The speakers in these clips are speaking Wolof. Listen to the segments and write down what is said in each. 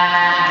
Uh...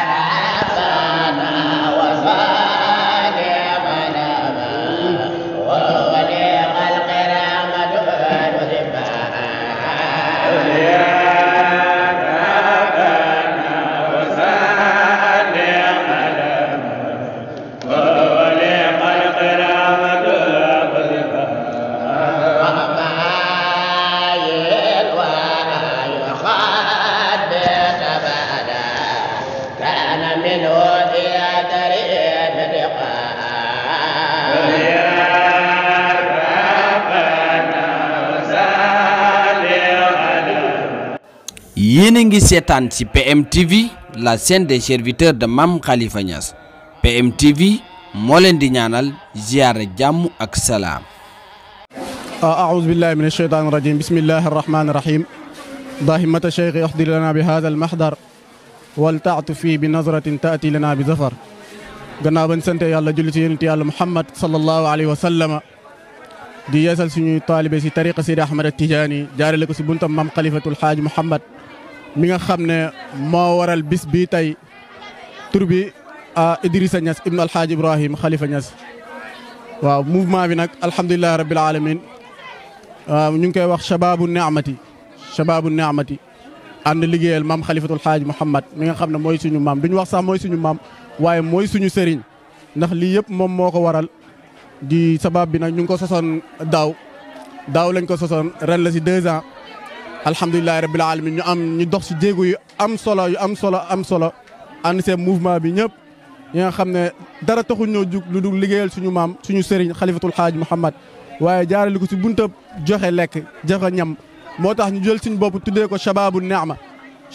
yeningi setane ci PMTV la chaîne de serviteur de Mam Khalifa Niass PMTV mo len di ñaanal ziaré jamm ak salam a'udhu billahi minash shaitani rrajim rahman rahmanir rahim dahimat ash-shaykh yahdi lana bi hadha al-mahdar wal ta'tu fi bi nazratin ta'ti lana bi zafar ganna ban sante yalla julli ci yenenti yalla muhammad sallallahu alayhi wa sallam di yeesal suñu talibé ci tariqa sidi ahmed tijani jaarale ko buntam mam khalifatul Haji muhammad mi nga xam ne moo waral bis bi tey tur bi Idrissa Niass ibn Alhaaj Ibrahim Khalifa Niass waaw mouvement bi nag alhamdulilahi rabbil alamin ñu ngi koy wax shababu ni'mati shababu ni'mati ànd liggéeyal maam Khalifatul Haaj Muhammad mi nga xam ne mooy suñu maam duñu wax sax mooy suñu maam waaye mooy suñu sëriñ ndax lii yëpp moom moo ko waral di sabab bi nag ñu ngi ko sosoon daaw daaw lañ ko sosoon ren la si deux ans alhamdulilah rabbil alamin ñu am ñu dox ci jéego yu am solo yu am solo am solo ànd seen mouvement bi ñëpp ñi nga xam ne dara taxul ñoo jug lu dul liggéeyal suñu maam suñu sëriñ xalifatul xaaj Muhammad waaye jaarale ko ci buntab joxe lekk joxe ñam moo tax ñu jël suñu bopp tuddee ko shababu neema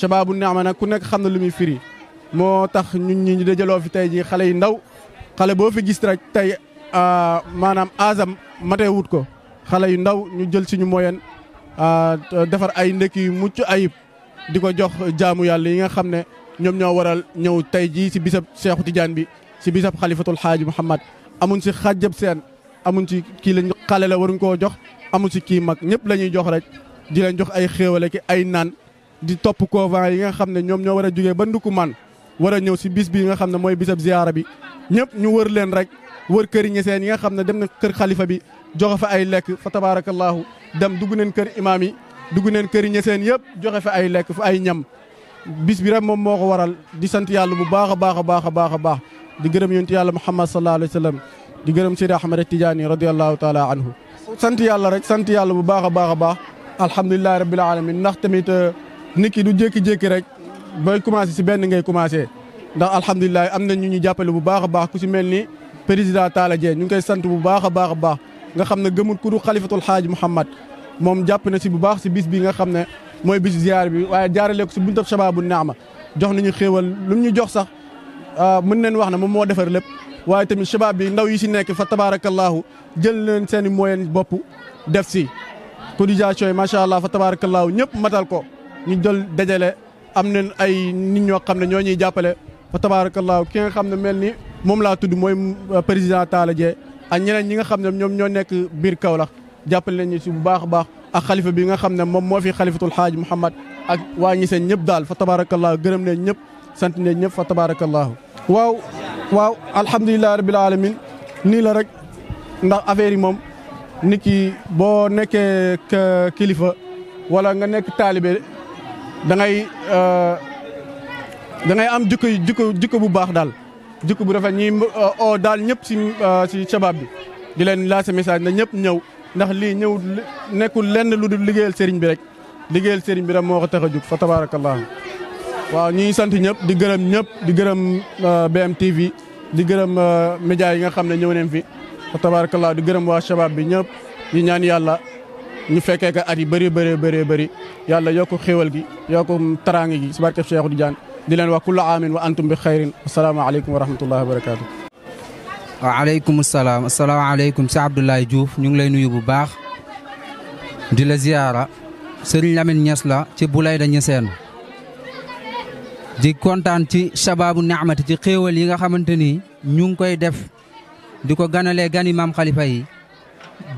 shababu neema nag ku nekk xam lu muy firi moo ñun ñi ñu dajaloo fi tey ji xale yu ndaw xale boo fi gis rek tey maanaam aasam matee wut ko xale yu ndaw ñu jël suñu moyen defar ay ndekki yu mucc ayib di ko jox jaamu yàlla yi nga xam ne ñoom ñoo waral ñëw tey jii si bisab Seexu Tijaan bi si bisab xalifatul xaaji Muhammad amuñ si xàjjab seen amuñ si kii lañ xale la waruñ koo jox amuñ si kii mag ñëpp la ñuy jox rek di leen jox ay xéewale ki ay naan di topp koo couvent yi nga xam ne ñoom ñoo war a jugee ba ndukku man war a ñëw si bis bi nga xam ne mooy bisab ziyaara bi ñëpp ñu wër leen rek wër këriñe seen yi nga xam ne dem na kër xalifa bi joxe fa ay lekk fa tabaarakallaahu dem dugg neen kër imaam yi dugg neen kër ñeseen yëpp joxe fa ay lekk fa ay ñam bis bi rek moom moo ko waral di sant yàlla bu baax a baax a baax a baax a baax di gërëm yonent yàlla muhammad sallallahu alayhi wa sallam di gërëm Seydi Ahmad Tidiane radiyallahu taala anhu sant yàlla rek sant yàlla bu baax a baax a baax alhamdulilahi rabbil alamin ndax tamit euh, nit ki du jékki-jékki rek booy commencé si benn ngay commencé ndax alhamdulilah am na ñu ñu jàppale bu baax a baax ku si mel ni président Talla ñu ngi koy sant bu baax a baax a baax nga xamne geumul kudu ku du xalifatul xaaj Mouhamad jàpp na ci bu baax ci bis bi nga xamne moy bis ziar bi waye jaarale ko ci buntu shababu Nihma jox nañu xewal lu ñu jox sax mën nañ wax na mom mo defar lépp waye tamit shabab bi ndaw yi ci nekk fa tabarakallah jël leen seen moyen bop def kudija cotisation ma sha allah fa tabarakallah ñëpp matal ko ñu jël dajale am nañ ay nit ñoo xamne ñoo ñuy jàppale fa tabarakallah ki nga xamne melni mom la tuddu moy président talaje ak ñeneen ñi nga xam ne ñoom ñoo nekk biir Kaolack jàppale nañu ci bu baax a baax ak xalifa bi nga xam ne moom moo fi xalifatul xaaj Muhammad ak waa ñi seen ñëpp daal fa tabaarakallaahu gërëm ne ñëpp sant ne ñëpp fa tabaarakallaahu waaw waaw alhamdulilah rabbil alamin nii la rek ndax affaire yi moom nit ki boo nekkee kilifa wala nga nekk taalibe da ngay da ngay am jikko jikko jikko bu baax daal jikko bu rafet ñi euh, oo daal ñëpp si si euh, shabab bi di leen lancé message na ñëpp ñëw ndax lii ñëw nekkul lenn lu dul liggéeyal sëriñ bi rek liggéeyal sëriñ bi rek moo ko tax a jug fa tabaarakallah waaw ñuy sant ñëpp di gërëm ñëpp di gërëm euh, BMTV di gërëm média yi nga xam ne ñëw neen fi fa tabaarakallah di gërëm waa shabab bi ñëpp ñi ñaan yàlla ñu fekkee ka at yi bëri bëri bëri bëri yàlla yokk xéwal gi yokk taraang gi si barke Cheikh Tidiane di leen wax kullu aamin wa antum bi xayrin asalaamaaleykum wa rahmatullahi wa barakaatu. waaleykum salaam asalaamaaleykum si Abdoulaye juuf ñu ngi lay nuyu bu baax di la ziyaara Serigne Lamine Niass la ci Boulaye Niassène di kontaan ci sababu naamati ci xéewal yi nga xamante ni ñu ngi koy def di ko ganalee gani maam xalifa yi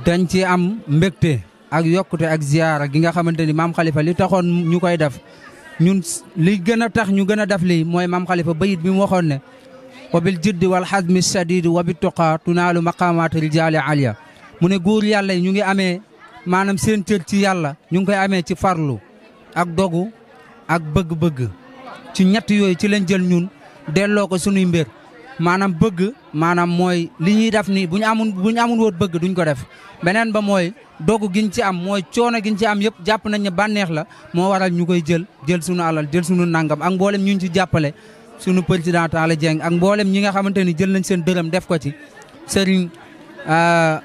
dañ ci am mbégte ak yokkute ak ziyaara gi nga xamante ni maam xalifa li taxoon ñu koy def ñun li gën a tax ñu gën a def lii mooy maam xalifa bayit bi mu waxoon ne wa bil jiddi wal xazmi sadidi wa bi tuqaa tunaalu maqaamaati rijaali aliya mu ne góor yàlla yi ñu ngi amee maanaam seen cër ci yàlla ñu ngi koy amee ci farlu ak dogu ak bëgg-bëgg ci ñett yooyu ci lañ jël ñun delloo ko sunuy mbir maanaam bëgg maanaam mooy li ñuy def nii bu ñu amun bu ñu bëgg duñ ko def beneen ba mooy dogu giñ ci am mooy coono giñ ci am yëpp jàpp nañ ne bànneex la moo waral ñu koy jël jël suñu alal jël suñu nangam ak mboolem ñu ñi ci jàppale suñu président Talla Dieng ak mboolem ñi nga xamante ni jël nañ seen dërëm def ko ci sëriñ euh,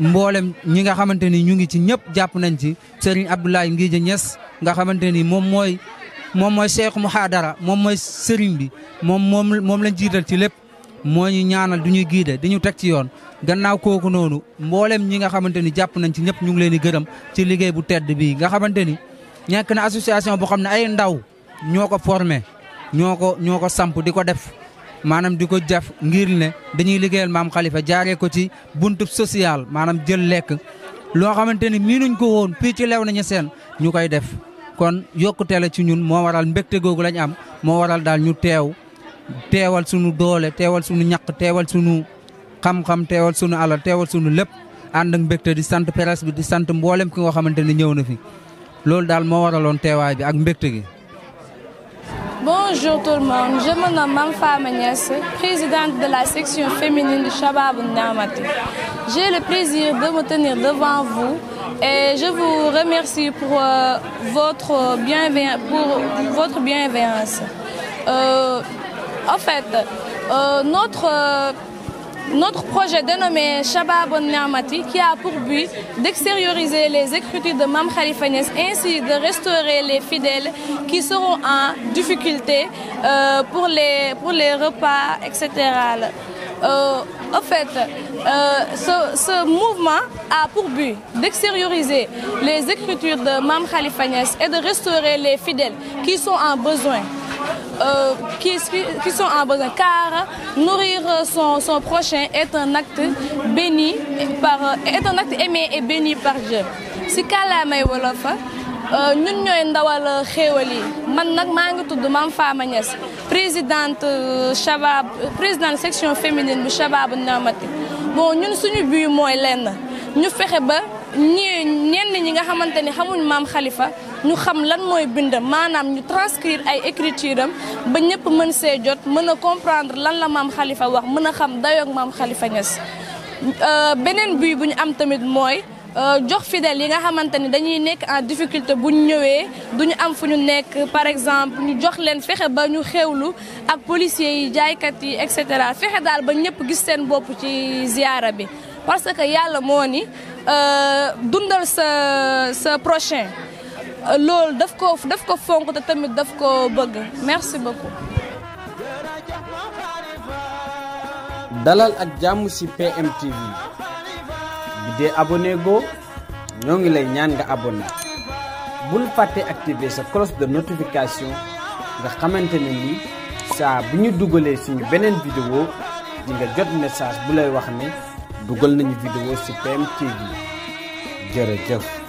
mboolem ñi nga xamante ni ñu ngi ci ñëpp jàpp nañ ci sëriñ Abdoulaye Ngidje Niass nga xamante ni moom mooy moom mooy seexu muhaadara moom mooy sëriñ bi moom moom moom lañ jiital ci lépp moo ñu ñaanal du ñuy giide di ñu teg ci yoon gannaaw kooku noonu mboolem ñi nga xamante ni jàpp nañ ci ñëpp ñu ngi leen di gërëm ci liggéey bu tedd bii nga xamante ni ñekk na association boo xam ne ay ndaw ñoo ko formé ñoo ko ñoo ko samp di ko def maanaam di ko jaf ngir ne dañuy liggéeyal maam xalifa jaaree ko ci buntu social maanaam jël lekk loo xamante ni miinuñ ko woon fii ci lew nañu seen ñu koy def kon yokkute la ci ñun moo waral mbégte googu lañ am moo waral daal ñu teew teewal suñu doole teewal suñu ñaq teewal suñu xam-xam teewal sunu alal teewal suñu lépp ànd ak mbégte di sant presse bi di sant mboolem ki nga xamante ne ñëw na fi loolu daal moo waral waraloon teewaay bi ak mbégte gi. Bonjour tout le monde, je me de la section féminine du Shabab Niamati. J'ai le plaisir de me tenir devant Et je vous remercie pour, euh, votre, bienveillance. Pour votre bienveillance. Euh, en fait, euh, notre, notre projet dénommé Bonne Niamati, qui a pour but d'extérioriser les écritures de Mam Khalifa ainsi de restaurer les fidèles qui seront en difficulté pour, les, pour les repas, etc en euh, fait, euh, ce, mouvement a pour but d'extérioriser les écritures de Mam Khalifa et de restaurer les fidèles qui sont en besoin. Euh, qui, sont en besoin. Car nourrir son, prochain est un acte béni par, est un acte aimé et béni par Dieu. Euh, ñun ñooy ndawal euh, xéewal yi man nag maa ngi tudd Mame Fama Niass présidente euh, Shabab président section féminine bu Shababu Niamati bon ñun suñu but mooy leen lenn ñu fexe ba ñi ñenn ñi nga xamante ni xamuñ maam xalifa ñu xam lan mooy bindam maanaam ñu transcrire ay écriture am ba ñëpp mën see jot mën a comprendre lan la maam xalifa wax mën a xam dayoog Mame Khalifa Niass beneen but bu ñu am tamit mooy Euh, jox fidèles yi nga xamante ni dañuy nekk en difficulté bu ñu ñëwee du ñu am fu ñu nekk par exemple ñu jox leen fexe ba ñu xewlu ak policiers yi jaaykat yi et cetera fexe daal ba ñëpp gis seen bopp ci ziyaara bi parce que yàlla moo ni euh, dundal sa sa prochain loolu daf ko daf ko fonk te tamit daf ko bëgg merci beaucoup dalal ak jàmm ci bi dee abonné ñoo ngi lay ñaan nga abonné bul fàtte activer sa cloche de notification nga xamante ne ni saa bu ñu dugalee suñu beneen vidéo di nga jot message bu lay wax ne dugal nañu vidéo ci PM TV jërëjëf.